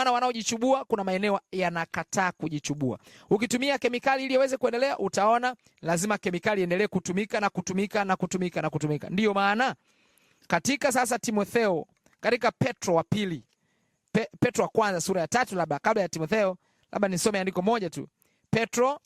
maana wanaojichubua kuna maeneo yanakataa kujichubua. Ukitumia kemikali ili iweze kuendelea, utaona lazima kemikali iendelee kutumika na kutumika na kutumika na kutumika. Ndiyo maana katika sasa Timotheo, katika Petro wa pili, Pe, Petro wa kwanza sura ya tatu, labda kabla ya Timotheo, labda nisome andiko moja tu Petro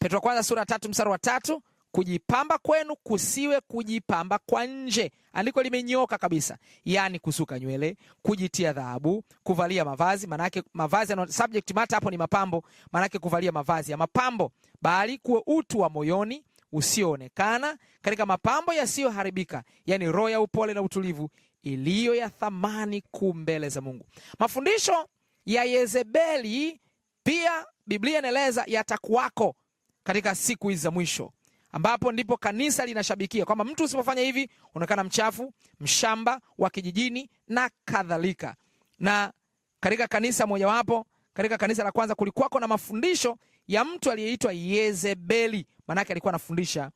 Petro wa kwanza sura ya tatu mstari wa tatu kujipamba kwenu kusiwe kujipamba kwa nje, andiko limenyoka kabisa, yani kusuka nywele, kujitia dhahabu, kuvalia mavazi. Manake mavazi yana subject matter hapo, ni mapambo, manake kuvalia mavazi ya mapambo, bali kuwe utu wa moyoni usioonekana katika mapambo yasiyoharibika, yani roho ya upole na utulivu iliyo ya thamani kuu mbele za Mungu. Mafundisho ya Yezebeli pia Biblia inaeleza yatakuwako katika siku hizi za mwisho ambapo ndipo kanisa linashabikia kwamba mtu usipofanya hivi unaonekana mchafu, mshamba wa kijijini na kadhalika. Na katika kanisa mojawapo, katika kanisa la kwanza kulikuwako na mafundisho ya mtu aliyeitwa Yezebeli, maanake alikuwa anafundisha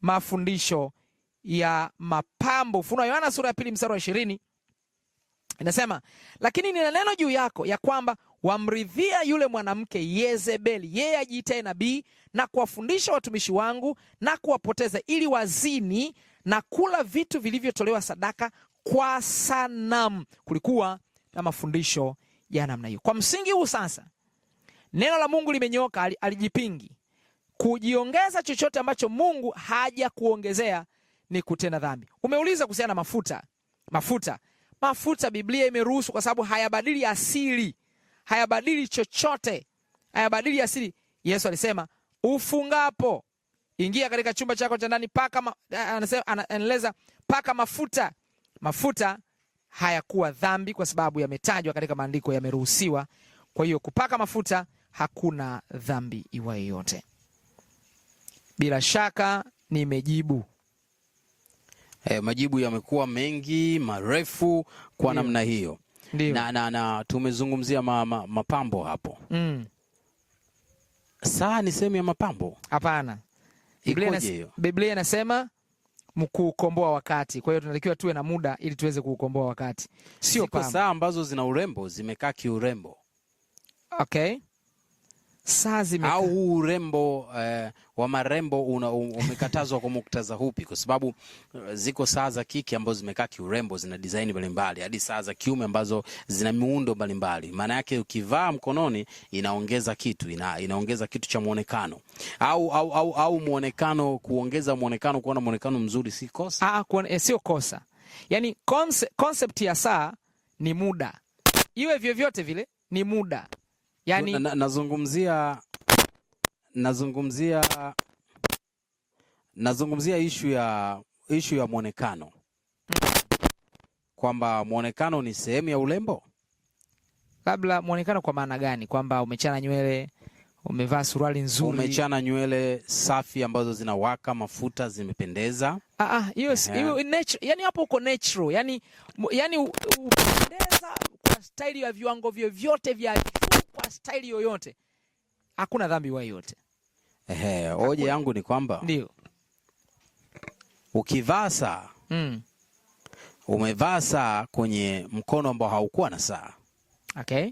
mafundisho ya mapambo. Ufunuo wa Yohana sura ya pili mstari wa ishirini inasema, lakini nina neno juu yako ya kwamba wamridhia yule mwanamke Yezebeli, yeye ajiitaye nabii na kuwafundisha watumishi wangu na kuwapoteza, ili wazini na kula vitu vilivyotolewa sadaka kwa sanamu. Kulikuwa na mafundisho ya namna hiyo. Kwa msingi huu sasa, neno la Mungu limenyoka, alijipingi kujiongeza chochote ambacho Mungu hajakuongezea ni kutenda dhambi. Umeuliza kuhusiana na mafuta. Mafuta, mafuta Biblia imeruhusu kwa sababu hayabadili asili, hayabadili chochote, hayabadili asili. Yesu alisema Ufungapo ingia katika chumba chako cha ndani, paka eh, anasema, anaeleza paka mafuta. Mafuta hayakuwa dhambi kwa sababu yametajwa katika maandiko, yameruhusiwa. Kwa hiyo kupaka mafuta hakuna dhambi iwa yote. Bila shaka nimejibu. Eh, majibu yamekuwa mengi marefu kwa namna hiyo Ndiyo. na, na, na tumezungumzia ma, ma, mapambo hapo mm saa ni sehemu ya mapambo? Hapana, Biblia inasema mkuukomboa wakati. Kwa hiyo tunatakiwa tuwe na muda ili tuweze kuukomboa wakati, sio saa ambazo zina urembo zimekaa kiurembo. Okay saa zime au urembo eh, wa marembo umekatazwa kwa muktadha hupi? Kwa sababu eh, ziko saa za kike ambazo zimekaa kiurembo, zina design mbalimbali, hadi saa za kiume ambazo zina miundo mbalimbali. Maana yake ukivaa mkononi inaongeza kitu ina, inaongeza kitu cha muonekano au, au, au, au muonekano, kuongeza muonekano, kuona muonekano mzuri si kosa? Ah, ah eh, sio kosa. Yani concept ya saa ni muda, iwe vyovyote vile ni muda yani... na, na, nazungumzia nazungumzia nazungumzia ishu ya ishu ya mwonekano kwamba mwonekano ni sehemu ya urembo. Labda mwonekano kwa maana gani? Kwamba umechana nywele, umevaa suruali nzuri, umechana nywele safi ambazo zinawaka mafuta, zimependeza. Ah, ah, hiyo yani hapo uko natural, yani yani upendeza kwa staili ya viwango vyovyote vya staili yoyote, hakuna dhambi wa yote. Ehe, hoja yangu ni kwamba ndio ukivaa saa mm. umevaa saa kwenye mkono ambao haukuwa na saa okay.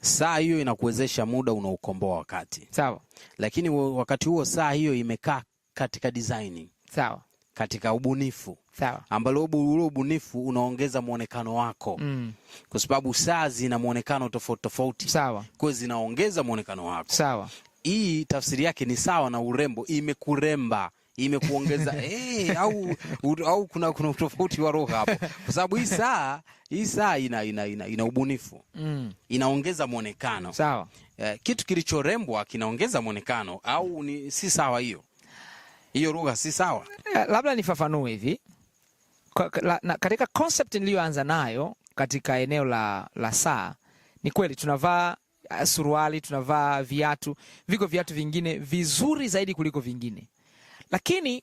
Saa hiyo inakuwezesha muda unaokomboa wakati, sawa, lakini wakati huo saa hiyo imekaa katika design, sawa katika ubunifu ambalo ule ubunifu unaongeza mwonekano wako mm. kwa sababu saa zina mwonekano tofauti tofauti, sawa, kwa zinaongeza mwonekano wako sawa. Hii tafsiri yake ni sawa na urembo, imekuremba imekuongeza hey, eh, au, au kuna, kuna utofauti wa roho hapo, kwa sababu hii saa hii saa ina, ina, ina, ina ubunifu mm. inaongeza mwonekano sawa. Eh, kitu kilichorembwa kinaongeza mwonekano au ni si sawa hiyo? hiyo lugha si sawa. Eh, labda nifafanue hivi katika concept niliyoanza nayo katika eneo la, la saa, ni kweli tunavaa eh, suruali, tunavaa viatu, viko viatu vingine vizuri zaidi kuliko vingine, lakini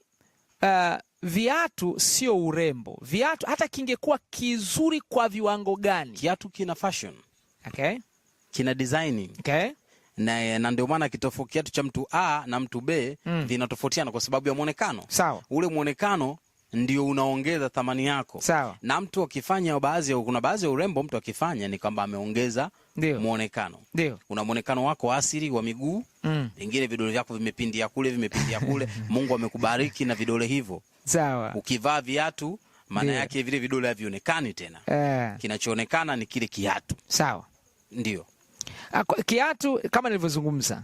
uh, viatu sio urembo. Viatu hata kingekuwa kizuri kwa viwango gani, kiatu kina fashion okay, kina designing okay na, eh, na ndio maana kitofu kiatu cha mtu A na mtu B mm. vinatofautiana kwa sababu ya mwonekano. Sawa. Ule mwonekano ndio unaongeza thamani yako. Sawa. Na mtu akifanya baadhi, kuna baadhi ya urembo mtu akifanya ni kwamba ameongeza mwonekano. Ndio. Una mwonekano wako asili wa miguu, mm. pengine mm. vidole vyako vimepindia kule, vimepindia kule. Mungu amekubariki na vidole hivyo. Sawa. Ukivaa viatu maana yake vile vidole havionekani tena. Eh. Kinachoonekana ni kile kiatu. Sawa. Ndio. Ah, kiatu kama nilivyozungumza,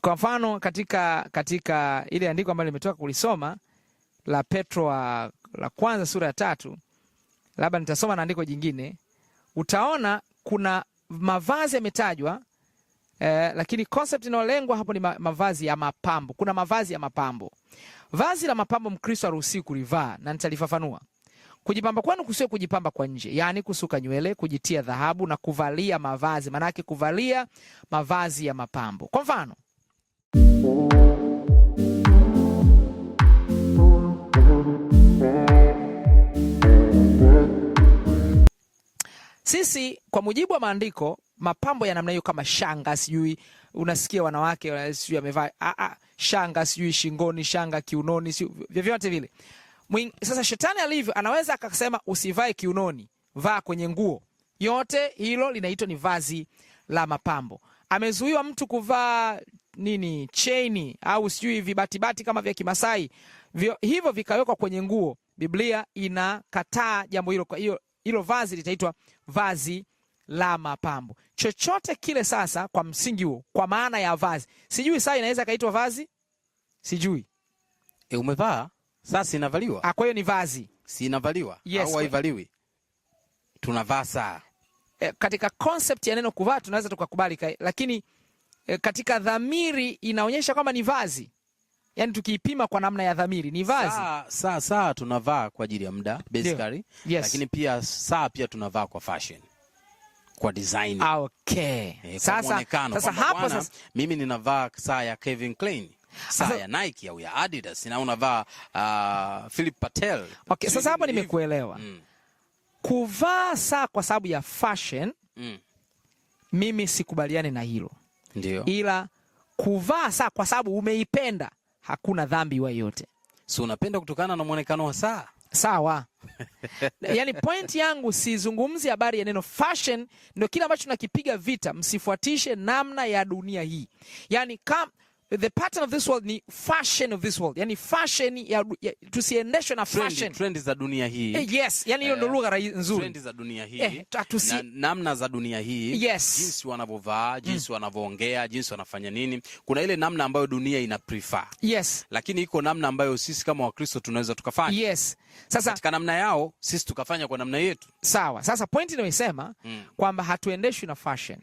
kwa mfano katika, katika ile andiko ambayo limetoka kulisoma la Petro wa, la kwanza sura ya tatu, labda nitasoma na andiko jingine, utaona kuna mavazi yametajwa eh, lakini concept inayolengwa hapo ni mavazi ya mapambo. Kuna mavazi ya mapambo, vazi la mapambo Mkristo aruhusii kulivaa na nitalifafanua Kujipamba kwenu kusiwe kujipamba kwa nje, yaani kusuka nywele, kujitia dhahabu na kuvalia mavazi, maanake kuvalia mavazi ya mapambo. Kwa mfano sisi kwa mujibu wa maandiko, mapambo ya namna hiyo kama shanga, sijui unasikia wanawake sijui amevaa shanga, sijui shingoni, shanga kiunoni, sijui vyovyote vile Mwing, sasa shetani alivyo anaweza akasema usivae kiunoni, vaa kwenye nguo yote. Hilo linaitwa ni vazi la mapambo. Amezuiwa mtu kuvaa nini, cheni au sijui vibatibati kama vya Kimasai vyo, hivyo vikawekwa kwenye nguo. Biblia inakataa jambo hilo, kwa hiyo hilo vazi litaitwa vazi la mapambo. Chochote kile sasa, kwa msingi huo, kwa maana ya vazi, sijui saa inaweza ikaitwa vazi, sijui e, umevaa sasa inavaliwa. Ah, kwa hiyo ni vazi. Si inavaliwa yes, au haivaliwi? Tunavaa saa. E, katika concept ya neno kuvaa tunaweza tukakubali kai, lakini e, katika dhamiri inaonyesha kwamba ni vazi. Yaani tukiipima kwa namna ya dhamiri ni vazi. Saa, saa, saa tunavaa kwa ajili ya muda basically. Yes. Lakini pia saa pia tunavaa kwa fashion. Kwa design. Ah, okay. E, kwa sasa, sasa hapo sasa mimi ninavaa saa ya Kevin Klein saa ya Nike au ya Adidas na unavaa uh, Philip Patel. Okay, sasa hapo nimekuelewa. Mm. Kuvaa saa kwa sababu ya fashion mm. Mimi sikubaliani na hilo. Ndio. Ila kuvaa saa kwa sababu umeipenda hakuna dhambi yote. Si unapenda kutokana na mwonekano wa saa? Sawa. Yaani point yangu sizungumzi habari ya neno fashion, ndio kile ambacho tunakipiga vita, msifuatishe namna ya dunia hii. Yaani kama the pattern of this world ni fashion of this world, yani fashion ya, ya tusiendeshwe na fashion, trend za dunia hii eh, yes, yani hiyo eh, ndio lugha nzuri, trend za dunia hii eh, na, namna za dunia hii yes, jinsi wanavyovaa, mm. jinsi mm, wanavyoongea, jinsi wanafanya nini. Kuna ile namna ambayo dunia ina prefer yes, lakini iko namna ambayo sisi kama Wakristo tunaweza tukafanya yes. Sasa katika namna yao sisi tukafanya kwa namna yetu, sawa. Sasa point inayosema mm, kwamba hatuendeshwi na fashion,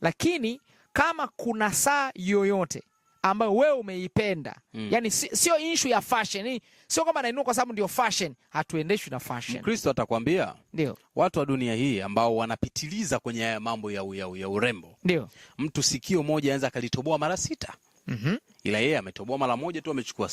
lakini kama kuna saa yoyote ambayo wewe umeipenda mm. Yani sio issue ya fashion, sio kwamba nainua kwa sababu ndio fashion. Hatuendeshwi na fashion. Kristo atakwambia ndio watu wa dunia hii ambao wanapitiliza kwenye haya mambo ya, ya, ya urembo. Ndio mtu sikio moja anaweza akalitoboa mara sita mm -hmm. Ila yeye ametoboa mara moja tu, amechukua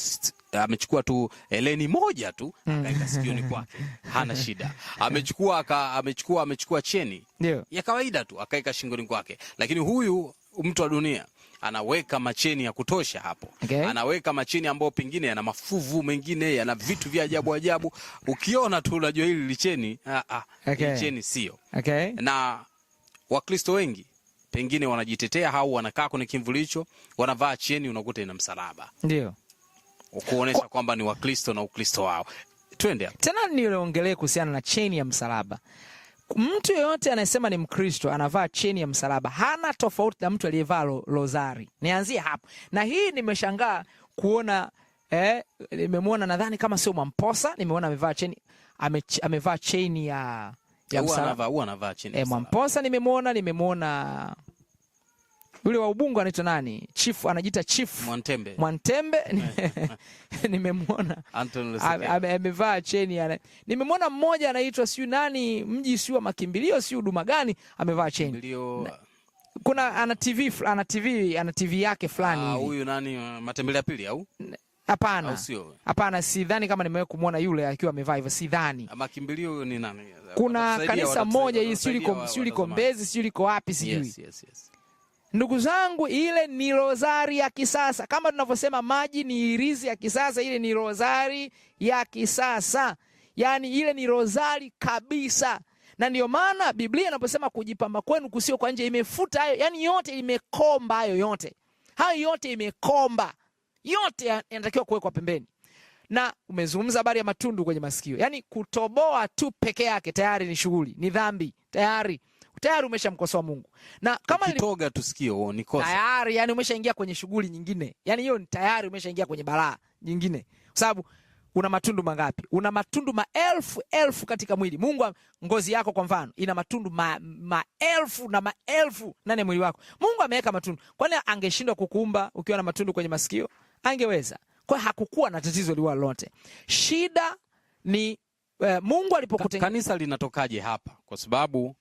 amechukua tu eleni moja tu mm. akaeka sikioni kwake, hana shida. Amechukua aka, amechukua amechukua cheni ndio ya kawaida tu akaeka shingoni kwake, lakini huyu mtu wa dunia anaweka macheni ya kutosha hapo okay. Anaweka macheni ambayo pengine yana mafuvu mengine yana vitu vya ajabu ajabu, ukiona tu unajua hili licheni ah, ah, okay. Licheni sio okay. Na Wakristo wengi pengine wanajitetea au wanakaa kwenye kimvuli hicho, wanavaa cheni, unakuta ina msalaba, ndio kuonesha kwamba ni Wakristo na Ukristo wao. Twende hapo tena niliongelee kuhusiana na cheni ya msalaba. Mtu yoyote anayesema ni Mkristo anavaa cheni ya msalaba, hana tofauti na mtu aliyevaa lozari Nianzie hapo, na hii nimeshangaa kuona eh, nimemwona nadhani kama sio Mwamposa, nimeona amevaa cheni ame, amevaa cheni ya ya eh, msalaba. anavaa cheni ya msalaba. Eh, Mwamposa nimemwona, nimemwona yule wa Ubungo anaitwa nani? Chief anajita Chief Mwantembe. Mwantembe nimemwona. Amevaa cheni ana. Nimemwona mmoja anaitwa siu nani, mji siyo wa makimbilio siyo huduma gani, amevaa cheni. Mbilio... Kuna ana TV ana TV ana TV yake fulani. Ah, huyu nani uh, matembele ya pili au? Hapana. Hapana, sidhani kama nimewahi kumwona yule akiwa amevaa hivyo, sidhani. Ah, makimbilio ni nani? Kuna kanisa moja hii siyo liko Mbezi, siyo liko wapi sijui. Yes, yes, yes. Ndugu zangu, ile ni rozari ya kisasa. Kama tunavyosema maji ni irizi ya kisasa, ile ni rozari ya kisasa, yaani ile ni rozari kabisa. Na ndio maana Biblia inaposema kujipamba kwenu kusio kwa nje, imefuta hayo, yaani yote imekomba, hayo yote, hayo yote imekomba, yote yanatakiwa kuwekwa pembeni. Na umezungumza habari ya matundu kwenye masikio, yaani kutoboa tu peke yake tayari ni shughuli, ni dhambi tayari tayari umeshamkosoa Mungu na kama ukitoga tusikio sikio ni kosa tayari, yani umeshaingia kwenye shughuli nyingine, yani hiyo ni tayari umeshaingia kwenye balaa nyingine, kwa sababu una matundu mangapi? Una matundu maelfu elfu katika mwili. Mungu, ngozi yako kwa mfano ina matundu ma, maelfu na maelfu nane mwili wako. Mungu ameweka matundu, kwani angeshindwa kukuumba ukiwa na matundu kwenye masikio? Angeweza. Kwa hakukuwa na tatizo liwa lote, Shida ni eh, Mungu alipokutengeneza. Kanisa linatokaje hapa? Kwa sababu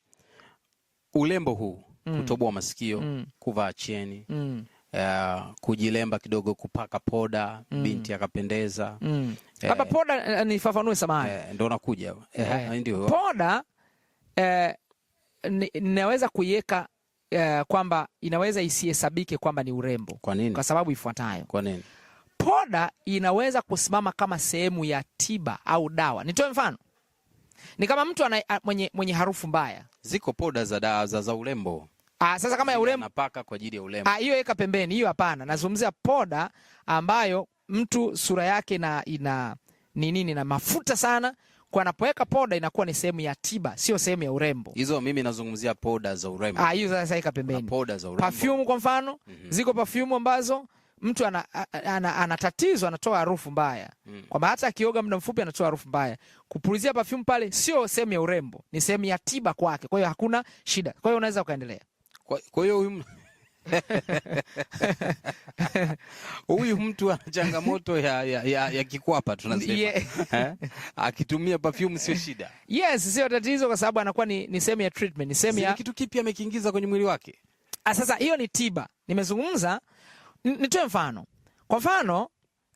ulembo huu mm. kutoboa masikio mm. kuvaa cheni mm. Uh, kujilemba kidogo, kupaka poda mm. binti akapendeza mm. hapa eh, poda eh, nifafanue, samahani eh, ndo nakuja eh, eh, eh. Ndio poda eh, naweza kuiweka eh, kwamba inaweza isihesabike kwamba ni urembo. Kwa nini? Kwa sababu ifuatayo. Kwa nini? Poda inaweza kusimama kama sehemu ya tiba au dawa. Nitoe mfano ni kama mtu ana, mwenye, mwenye harufu mbaya. Ziko poda za dawa za, za urembo. Ah, sasa kama ya urembo napaka kwa ajili ya urembo. Ah, hiyo weka pembeni, hiyo hapana. Nazungumzia poda ambayo mtu sura yake na ina ni nini na mafuta sana kwa anapoweka poda inakuwa ni sehemu ya tiba, sio sehemu ya urembo. Hizo mimi nazungumzia poda za urembo. Ah, hiyo sasa weka pembeni. Poda za urembo. Perfume kwa mfano, mm -hmm. Ziko perfume ambazo mtu ana, ana, ana, ana tatizo anatoa harufu mbaya mm. Kwamba hata akioga muda mfupi anatoa harufu mbaya. Kupulizia perfume pale sio sehemu ya urembo, ni sehemu ya tiba kwake, kwa hiyo hakuna shida. Kwa hiyo unaweza ukaendelea. Kwa hiyo huyu huyu mtu ana changamoto ya, ya, ya, ya kikwapa tunasema yeah. Eh? Akitumia perfume sio shida, yes, sio tatizo, kwa sababu anakuwa ni, ni sehemu ya treatment, ni sehemu ya kitu kipi amekiingiza kwenye mwili wake. Ah, sasa hiyo ni tiba nimezungumza Nitoe mfano. Kwa mfano,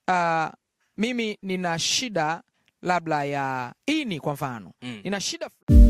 uh, mimi nina shida labda ya ini kwa mfano. Mm. Nina shida